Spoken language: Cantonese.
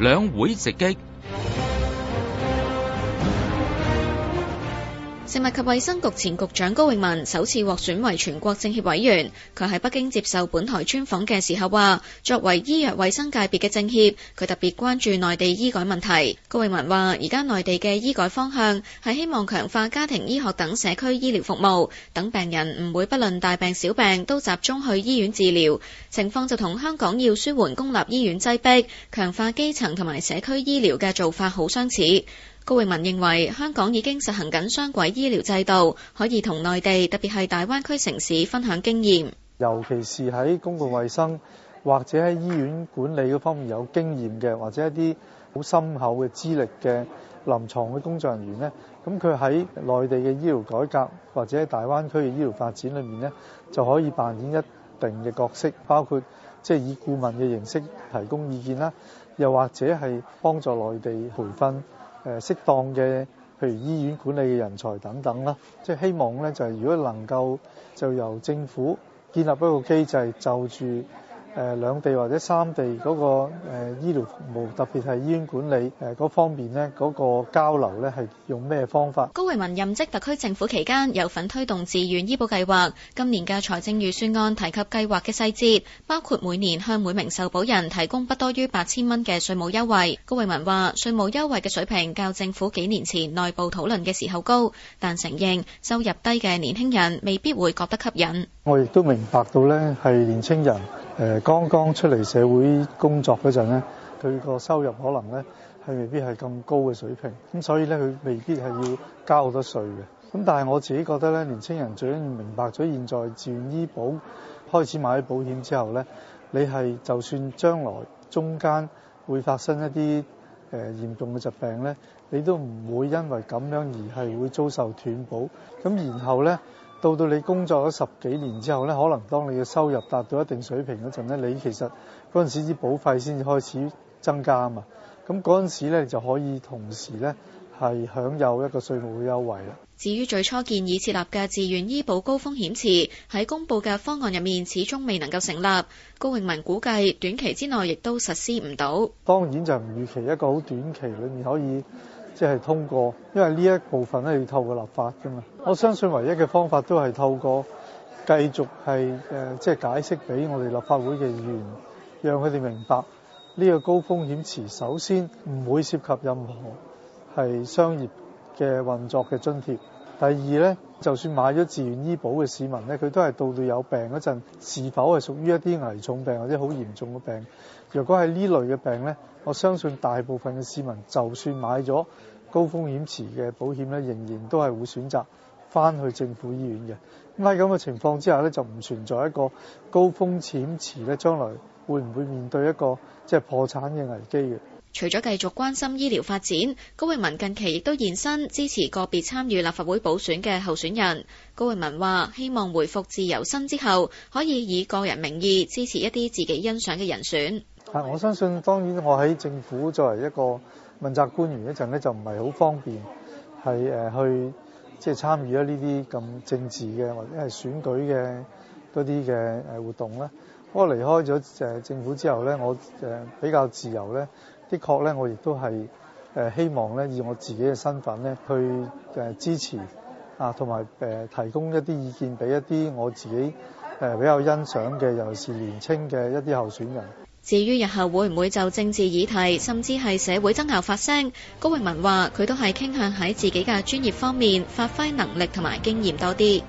兩會直擊。食物及衛生局前局長高永文首次獲選為全國政協委員。佢喺北京接受本台專訪嘅時候話，作為醫藥衛生界別嘅政協，佢特別關注內地醫改問題。高永文話，而家內地嘅醫改方向係希望強化家庭醫學等社區醫療服務，等病人唔會不論大病小病都集中去醫院治療。情況就同香港要舒緩公立醫院擠逼、強化基層同埋社區醫療嘅做法好相似。高永文認為，香港已經實行緊雙軌醫療制度，可以同內地特別係大灣區城市分享經驗。尤其是喺公共衛生或者喺醫院管理嗰方面有經驗嘅，或者一啲好深厚嘅資歷嘅臨牀嘅工作人員呢，咁佢喺內地嘅醫療改革或者喺大灣區嘅醫療發展裏面呢，就可以扮演一定嘅角色，包括即係以顧問嘅形式提供意見啦，又或者係幫助內地培訓。誒適當嘅，譬如醫院管理嘅人才等等啦，即係希望咧就係如果能夠就由政府建立一個機制，就住。誒兩地或者三地嗰個誒醫療服務，特別係醫院管理誒嗰方面咧，嗰個交流咧係用咩方法？高永文任職特區政府期間，有份推動自願醫保計劃。今年嘅財政預算案提及計劃嘅細節，包括每年向每名受保人提供不多於八千蚊嘅稅務優惠。高永文話，稅務優惠嘅水平較政府幾年前內部討論嘅時候高，但承認收入低嘅年輕人未必會覺得吸引。我亦都明白到咧，係年輕人。誒剛剛出嚟社會工作嗰陣咧，佢個收入可能咧係未必係咁高嘅水平，咁所以咧佢未必係要交好多稅嘅。咁但係我自己覺得咧，年青人最緊要明白咗，現在自願醫保開始買保險之後咧，你係就算將來中間會發生一啲誒嚴重嘅疾病咧，你都唔會因為咁樣而係會遭受斷保。咁然後咧。到到你工作咗十幾年之後咧，可能當你嘅收入達到一定水平嗰陣咧，你其實嗰陣時啲保費先至開始增加啊嘛，咁嗰陣時咧你就可以同時咧係享有一個稅務嘅優惠啦。至於最初建議設立嘅自願醫保高風險池喺公布嘅方案入面始終未能夠成立，高永文估計短期之內亦都實施唔到。當然就唔預期一個好短期裏面可以。即、就、通過，因為呢一部分咧要透過立法噶嘛，我相信唯一嘅方法都係透過繼續係誒、即、就、解釋俾我哋立法會嘅議員，讓佢哋明白呢個高風險詞，首先唔會涉及任何係商業嘅運作嘅津貼。第二呢，就算買咗自願醫保嘅市民呢，佢都係到到有病嗰陣，是否係屬於一啲危重病或者好嚴重嘅病？如果係呢類嘅病呢，我相信大部分嘅市民就算買咗高風險池嘅保險呢，仍然都係會選擇翻去政府醫院嘅。咁喺咁嘅情況之下呢，就唔存在一個高風險池呢將來會唔會面對一個即係、就是、破產嘅危機嘅？除咗繼續關心醫療發展，高永文近期亦都現身支持個別參與立法會補選嘅候選人。高永文話：希望回復自由身之後，可以以個人名義支持一啲自己欣賞嘅人選。啊，我相信當然我喺政府作為一個問責官員一陣呢，就唔係好方便係去即係參與咗呢啲咁政治嘅或者係選舉嘅啲嘅活動啦。我離開咗政府之後咧，我比較自由咧。的確咧，我亦都係誒希望咧，以我自己嘅身份咧，去誒支持啊，同埋誒提供一啲意見俾一啲我自己誒比較欣賞嘅，尤其是年輕嘅一啲候選人。至於日後會唔會就政治議題，甚至係社會爭拗發聲，高永文話佢都係傾向喺自己嘅專業方面發揮能力同埋經驗多啲。